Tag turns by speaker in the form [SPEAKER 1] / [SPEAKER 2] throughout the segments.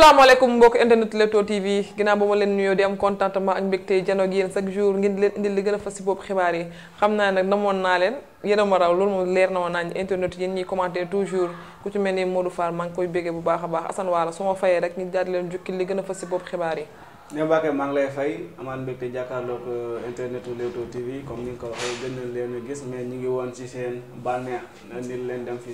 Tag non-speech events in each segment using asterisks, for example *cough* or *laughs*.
[SPEAKER 1] salaamaaleykum mbokk internet Leewtoo TV ginnaaw ba ma leen nuyoo di am contentement ak mbégte jano ak yéen chaque jour ngeen leen indil li gën a fas si bopp xibaar yi xam naa nag namoon naa leen yéen a leer na ma internet yéen ñuy commenter toujours ku ci mel ni Modou Fall maa koy béggee bu baax a baax Assane Wala su ma fayee rek ñu daal di leen jukki li gën a fas si bopp xibaar yi.
[SPEAKER 2] ñoo bàkkee maa ngi lay fay amaan mbégte jàkkaarloog euh, internet Leewtoo TV comme ni nga ko waxee gën leen gis mais ñu ngi woon ci seen bànneex indil leen dem fi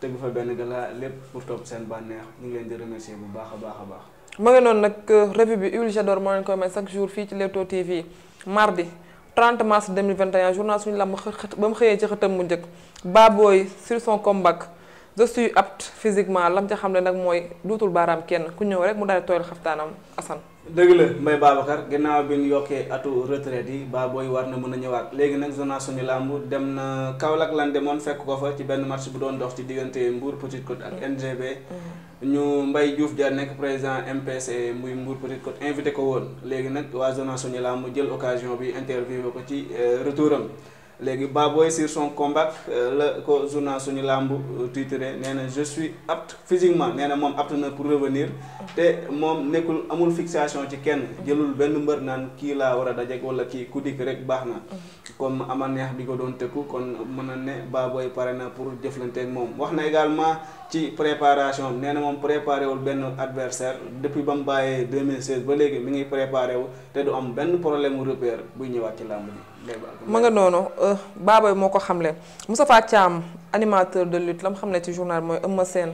[SPEAKER 2] tegu fa benn gala lépp pour topp seen bànneex mu ngi leen di remercier bu baax a baax a baax.
[SPEAKER 1] ma ngi noonu nag euh, revue bi Iwil Jador moo leen koy may chaque jour fii ci Leewtoo TV mardi 30 mars 2021 journal suñu làmb xët ba mu xëyee ci xëtam mu njëkk Baboy sur son comeback je suis apte physiquement lam ca xam ne nag mooy duutul baaraam kenn ku ñëw rek mu daal di tooyal xaftaanam Assane.
[SPEAKER 2] dëgg la Mbaye Babacar ginnaaw bi ñu yokkee atu retraite yi ba booy war na mën a ñëwaat léegi nag zona suñu làmb dem na Kaolack lan demoon fekk ko fa ci benn match bu doon dox ci diggante mbuur Petite Côte ak NGB. Mm-hmm. ñu mbay Diouf jar nekk président MPC e muy Mbour Petite Côte invité ko woon léegi nag waa zona suñu làmb jël occasion bi interviewé ko ci euh, retouram léegi babooy sur son combat euh, la ko journal suñu làmb euh, titré nee na je suis apte physiquement nee na moom apte na pour revenir te moom nekkul amul fixation ci kenn jëlul benn mbër naan kii laa war a dajek wala kii ku dikk rek baax na comme ama neex bi ko doon tëkku kon mën na ne Baboy pare na pour jëflante moom wax na également ci préparation nee na moom préparé wul benn adversaire depuis ba mu bàyyee 2016 ba léegi mi ngi préparé wu te du am benn problème mu repère buy ñëwaat ci làmb bi
[SPEAKER 1] ma nga noonu euh, Baboy moo ko xamle Moustapha Thiam animateur de lutte la mu xamle ci journal mooy Eumeu Sène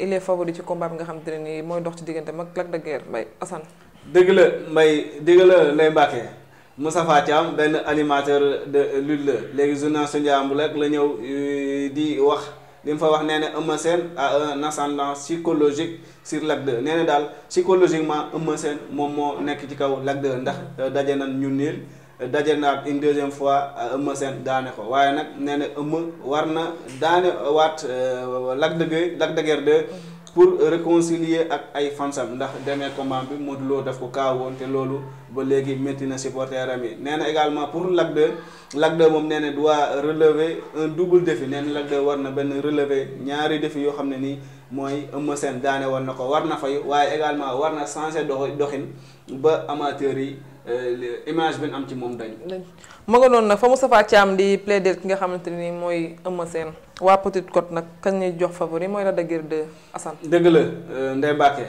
[SPEAKER 1] il est favori ci combat bi nga xam te ne nii mooy dox ci diggante mag Lac de Guiers Mbaye Assane.
[SPEAKER 2] dëgg la mbay dëgg la Ndeye Mbacke Moustapha Thiam benn animateur de lutte la léegi journal suñu jàmbur rek la ñëw euh, di wax li mu fa wax nee na Eumeu a un ascendant psychologique sur Lac 2 nee na daal psychologiquement Eumeu Sène moom moo nekk ci kaw Lac 2 ndax euh, daje nañ ñu niil. daje naat une deuxième fois euh, Eumeu Sène daane ko waaye nag nee na Eumeu war na daane waat euh, Lac de Guiers Lac pour réconcilier ak ay fansam ndax dernier combat bi Modou Lo daf ko kaawoon te loolu ba léegi métti na supporter am yi nee na également pour Lac 2 Lac moom nee na doit relever un double défi nee na war na benn relever ñaari défi yoo xam ne nii mooy Eumeu Sène daane woon na ko war na fay waaye également war na changer doxin ba amateur yi Euh, image bi am ci moom dañ
[SPEAKER 1] ma nga noonu nag fa Moustapha Thiam di plaider ki nga xamante ni mooy Eumeu Sène waa Petite Côte nag kañ ñuy jox favori mooy Lac de Guiers 2 Assane dëgg la
[SPEAKER 2] euh, Ndeye Mbacké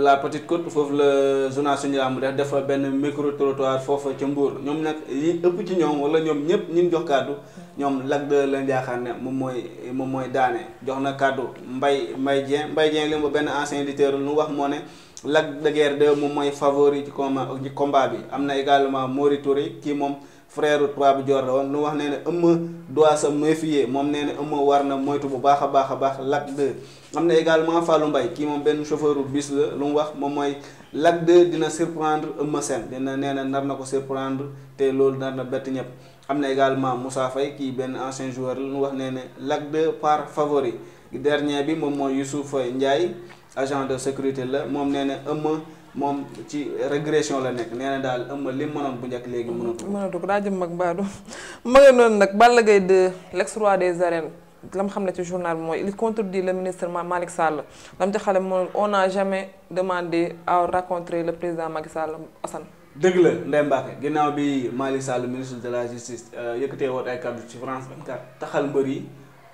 [SPEAKER 2] la Petite Côte foofu la journal suñu làmb def dafa benn micro trottoir foofa ca Mbour ñoom nag yi ëpp ci ñoom wala ñoom ñëpp ñu jox kàddu ñoom Lac de lañ jaaxaar ne moom mooy moom mooy daane jox na kàddu mbay Mbaye Dieng mbay Dieng li mu benn ancien lutteur lu wax moo ne Lac de Guiers 2 moom mooy favori ci combat ci combat bi am na également Mori kii moom frère Toubabou Dior la woon lu wax nee na Eumeu doit se méfier moom nee na Eumeu war na moytu bu baax a baax a baax Lac 2 am na également Fallou Mbaye kii moom benn chauffeur bus la lu mu wax moom mooy Lac 2 dina surprendre Eumeu Sène dina nee na nar na ko surprendre te loolu nar na bett ñëpp am na également Moussa Faye kii benn ancien joueur la lu mu wax nee na Lac 2 par favori dernier bi moom mooy Youssouf Ndiaye agent de sécurité la moom nee na ëmma moom ci régression la nekk nee na daal ëmma li mënoon bu njëkk léegi mënatu
[SPEAKER 1] mënatu ko daa jëm mag baadu *laughs* ma nga noonu nag Balla Gaye 2 l'ex-roi des arènes lam xam ne ci journal mooy il contredit le ministre Malick Sall lam ci xale moom on n'a jamais demandé à rencontrer le président Macky Sall Assane
[SPEAKER 2] dëgg la Ndeye Mbacke ginnaaw bi Malick Sall ministre de la justice euh, yëkkatee woon ay kàddu ci France 24 taxal mbër yi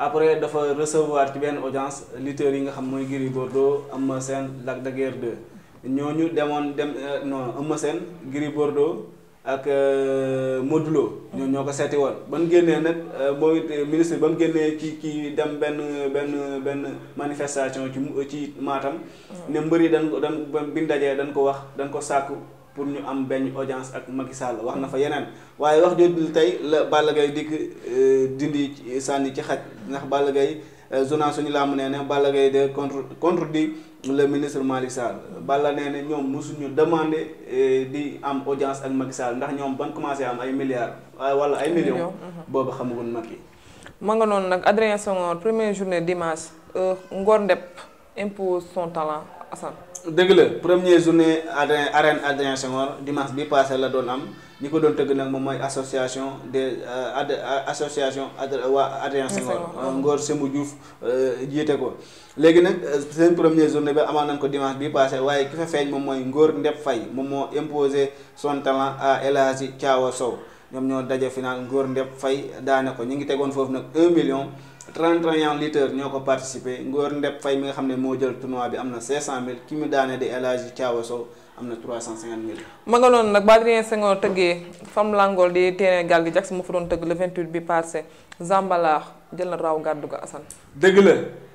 [SPEAKER 2] après dafa recevoir ci benn audience lutteurs yi nga xam mooy Gris Bordeaux Eumeu seen Lac de Guiers 2 ñooñu demoon dem euh, non Eumeu Sène Gris Bordeaux ak euh, Modou Lo ñoo ñoo ko seeti woon ba mu génnee nag euh, mooy ministre ba mu génnee ci ci dem benn benn benn manifestation ci ci Matam ne mbër yi dañ ko dañ bi ñu dajee dañ ko wax dañ ko sàkku pour ñu am benn audience ak Macky Sall wax na fa yeneen waaye wax jooju tey la Balla Gaye dikk euh, dindi sànni ci xaj ndax Balla Gaye journal euh, suñu la nee na Balla Gaye de contre contredit le ministre Malick Sall Balla nee na ñoom mosuñu demander euh, di am audience ak Macky ndax ñoom ban commencé am ay milliards wala ay millions uh-huh. boobu xamagun Macky
[SPEAKER 1] ma nga noonu nag Adrien Senghor première journée dimanche Ngor Ndep impose talent Assane
[SPEAKER 2] dëgg la première journée Adrien arène Adrien Senghor dimanche bi passé la doon am ñi ko doon tëgg nag moom mooy association des euh, ad euh, association ad euh, waa Adrien Senghor Ngor Semou Diouf jiite ko léegi nag seen première journée bi amaan nañ ko dimanche bi passé waaye ki fa feeñ moom mooy Ngor Ndep fay moom moo imposé son talent à El Hadji Sow ñoom ñoo daje final Ngor Ndep fay daane ko ñu ngi tegoon foofu nag 1 million trente et un lutteurs ñoo ko participé Ngor Ndep Faye mi nga xam ne moo jël tournoi bi am na cinq cent mil ki mu daane di El Hadji Thiaw Sow am na trois cent cinquante mille
[SPEAKER 1] ma nga noonu nag ba Adrien Senghor tëggee fam langool di terrain gaal gi Jax mu fa doon tëgg le 28 bi passé Zambala jël na raw gàddu ko Assane
[SPEAKER 2] dëgg la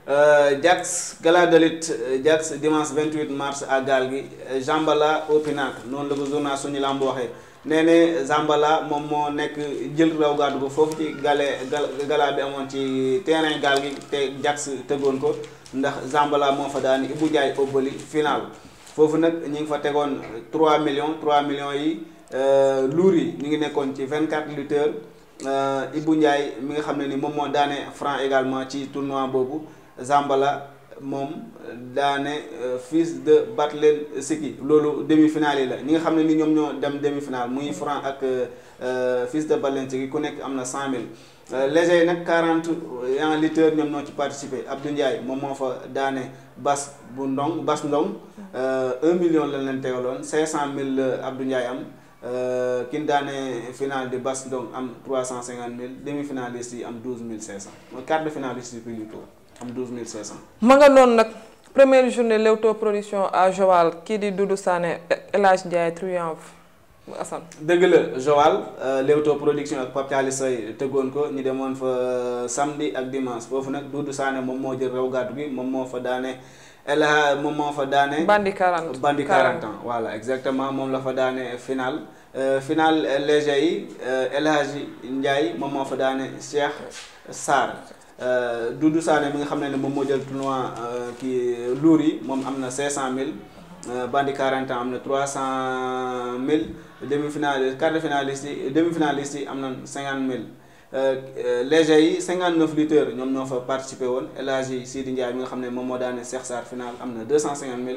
[SPEAKER 2] euh, Jax gala de lutte Jax dimanche 28 mars à gaal gi Zambala au pinacle noonu la ko journal suñu lamb waxee nee ne Zambala moom moo nekk jël raw gàddu ko foofu ci gale gala bi amoon ci terrain gaal gi te Jax tëggoon ko ndax sambalaa moo fa daan Ibou Ndiaye Obali final foofu nag ñu ngi fa tegoon 3 millions 3 millions yi euh, luur yi ñu ngi nekkoon ci vingt 24 lutteurs euh, Ibou Ndiaye mi nga xam ne ni moom moo daane franc également ci tournoi boobu Zambala. moom daane euh, fils de Batlensky loolu demi-finale la ñi nga xam ne ni ñoom ñoo dem demi-finale muy Franc ak euh, fils de Batlensky ku nekk am na cent mille euh, léger yi nag quarante et un lutteurs ñoom ñoo ci participé Abdou Ndiaye moom moo fa daane Bas bu Ndong Bas Ndong un million la leen tegaloon cinq cent mille la am kin daane finale di Bas Ndong am trois cent cinquante mille demi-finaliste yi am douze mille cinq cent mooy quart de finaliste yi plus du tout am 12500.
[SPEAKER 1] ma nga noonu nag première journée l'autoproduction à Joal kii di Doudou Sané El Hadj Ndiaye triomphe Assane.
[SPEAKER 2] dëgg la Joal euh, l'autoproduction ak Pape Thialy Seye ko ñu demoon fa euh, samedi ak dimanche foofu nag Doudou Sané moom moo jël raw gàddu gi moom moo fa daane. El moom moo fa daane. bandi 40 bandi 40 exactement moom la fa daane final. Euh, final léger yi El Hadj Ndiaye moom moo fa daane Cheikh Euh, Doudou Sané bi nga xam ne ne moom moo jël tournoi euh, kii luur yi moom am na 500000. Euh, bandi 40 ans am na 300000 demi-finaliste quart de finaliste yi demi-finaliste yi am na 50000. léger yi 59 lutteurs ñoom ñoo fa participé woon El Hadji Sidi Ndiaye mi nga xam ne moom moo daane Cheikh Sarr final am na 250000.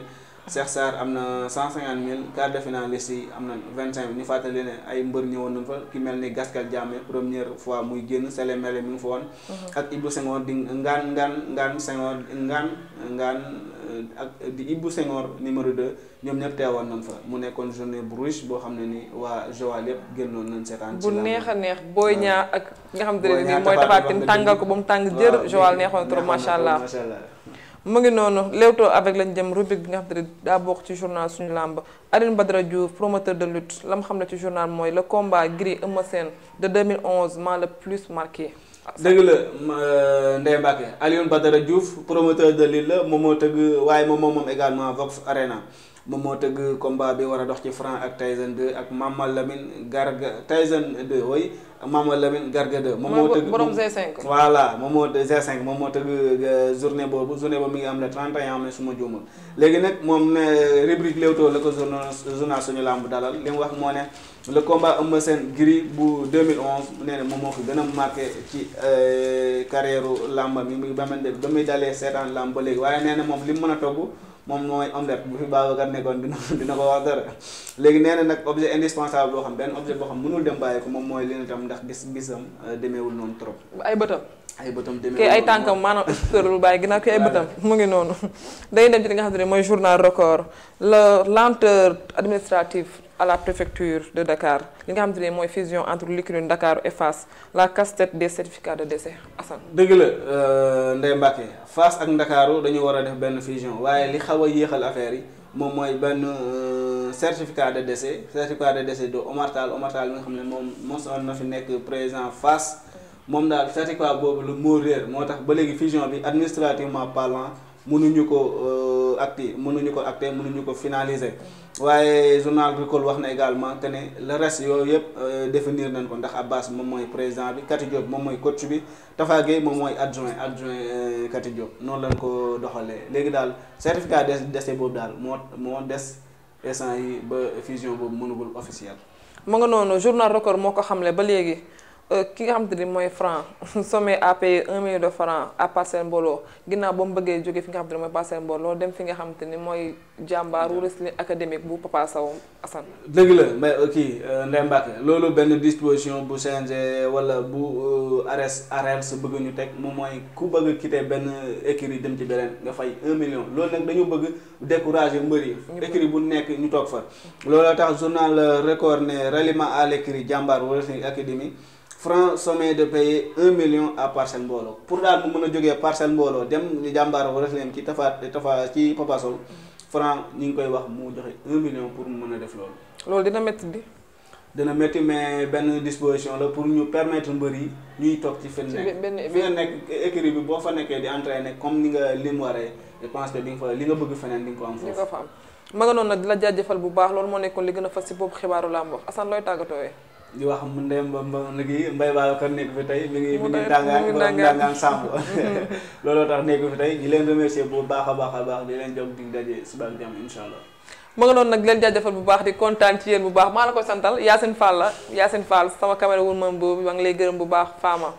[SPEAKER 2] Cheikh Sarr am na cent cinquante mille quart de finaliste yi am na vingt cinq mille ñu fàttali ne ay mbër ñëwoon nañ fa ki mel ni Gaskel Diame première fois muy génn Sele Mele mi ngi fa woon mhm. ak Ibou Senghor di ngaan ngaan ngaan Senghor ngaan ngaan eh, ak di Ibou Senghor deux ñoom ñëpp woon nañ fa mu nekkoon journée bu riche boo xam ne ni waa Joal yëpp génnoon nañ seetaan bu
[SPEAKER 1] neex a neex booy ñaa ak nga xam te ne nii mooy Tapha Tine tàngal ko ba mu tàng jër Joal neexoon trop macha mu ngi noonu Leewtoo avec lañ jëm rubrique bi nga xam ne daa bokk ci journal suñu làmb Alioune Badara Diouf promoteur de lutte la mu xam ne ci journal mooy le combat Gris Eumeu Sène de 2011 m'a le plus marqué.
[SPEAKER 2] dëgg la euh, Ndeye Mbacke Alioune Badara Diouf promoteur de lutte la moom moo tëgg waaye moom moom également Vox Arena. moom moo tëgg combat bi war a dox ci Franc ak Tyson 2 ak Mama Lamine Garga Tyson 2 oui Mama Lamine Garga 2. moom moo tëgg borom G5. voilà moom moo g moom moo tëgg euh, journée boobu journée boobu mi ngi am le 31 am na su ma juumul. léegi nag moom ne euh, rubrique Leewtoo la ko journal journal suñu làmb dalal li mu wax moo ne. le combat Eumeu Sène Gris bu 2011 nee na moom moo fi gën a marqué ci euh, carrière làmb mi ba muy dalee seetaan làmb ba léegi waaye nee na moom li mu mën a togg. moom mooy omelette bu fi Babacar nekkoon dina dina ko wax dara léegi nee na nag objet indispensable boo xam benn objet boo xam mënul dem bàyyi ko moom mooy li na tam ndax gis gisam euh, demeewul noonu trop.
[SPEAKER 1] ay bëtam. ay bëtam demeewul noonu ay tànkam maanaam lu bàyyi ginnaaw kii ay bëtam mu ngi noonu. day dem ci li nga xam ne mooy journal record la lenteur administrative. à la préfecture de Dakar li nga xamante ne mooy fusion entre Likadoun Dakar et Fass la casse-tête des certificats de décès Assane.
[SPEAKER 2] dëgg la euh, Ndeye Mbacke Fass ak Ndakaaru dañu war a def benn fusion waaye li xaw a yéexal affaire yi moom mooy benn euh, certificat de décès certificat de décès de Omar Tall Omar Tall mi nga xam ne moom mosoon na fi nekk président Fass moom daal certificat boobu lu moo réer moo tax ba léegi fusion bi administrativement parlant. mënuñu ko euh, acté mënuñu ko acté mënuñu ko finaliser waaye journal Record wax na également que ne le reste yooyu yëpp euh, définir nañ ko ndax Abbas moom mooy président bi Kati Diop moom mooy coach bi Tafa Gueye moom mooy adjoint adjoint euh, Kati Diop noonu lañ ko doxalee léegi daal certificat des dese boobu daal moo moo des essence yi ba fusion boobu mënugul officiel.
[SPEAKER 1] mu nga noonu journal Record moo ko xamle ba léegi. Euh, ki nga xamante ni mooy franc somme à payer un million de francs à Parcelles Mbooloo ginnaaw ba mu bëggee jóge fi nga xamante ni mooy Parcelles Mbooloo dem fi nga xamante ni mooy jàmbaaru wrestling académique bu Papa Sow Assane.
[SPEAKER 2] dëgg la mais kii euh, Ndeye Mbacke loolu benn disposition bu CNG wala bu euh, ARES ARES bëgg ñu teg moom mooy ku bëgg a quitter benn écurie dem ci beneen nga fay un million loolu nag dañu bëgg décourager mbër yi. écurie bu nekk ñu toog fa. a tax journal record ne ralliement à l'écurie jàmbaar wrestling académique. franc sommet de payer un million à parcelle mbooloo pour daal mu mën a jógee parcelle mbooloo dem ñu jàmbaar ko def leen ci ñu ngi koy wax mu joxe un million pour mu mën a def loolu.
[SPEAKER 1] loolu dina métti di.
[SPEAKER 2] dana métti mais benn la pour ñu permettre mbër yi ñuy toog ci fi nekk fi nga nekk écurie bi boo fa nekkee di entraîner comme ni nga lim fa li nga bëgg feneen di ko am foofu. di nga fa
[SPEAKER 1] am ma la jaajëfal looy tàggatoo
[SPEAKER 2] di wax mun mu ndem ba ba léegi Mbaye Babacar nekk fi tey mi ngi mi ngi ndàngaan ndàngaan sàmb looloo tax nekk fi tey ñu leen remercier bu baax a baax a baax di leen jox dig daje suba ak jàmm incha allah
[SPEAKER 1] ma nga noonu nag leen jaajëfal bu baax di kontaan ci yéen bu baax maa la koy santal Yacine Fall la Yacine faal sama caméra wul man boobu maa ngi lay gërëm bu baax Fama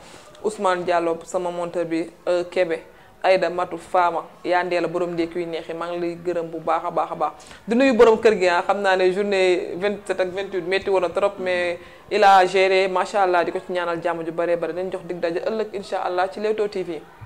[SPEAKER 1] Ousmane Diallo sama montar bi euh, Kébé Aïda Matu Faama yaa ndee la borom ndékki yu neexi maa ngi lay gërëm bu baax a baax a baax du nuyu borom kër gi ah xam naa ne journée 27 ak 28 métti woon na trop mais il a géré macha allah di ko ci ñaanal jàmm ju bëree bëri dañ jox dig daje ëllëg incha allah ci Leewtoo TV.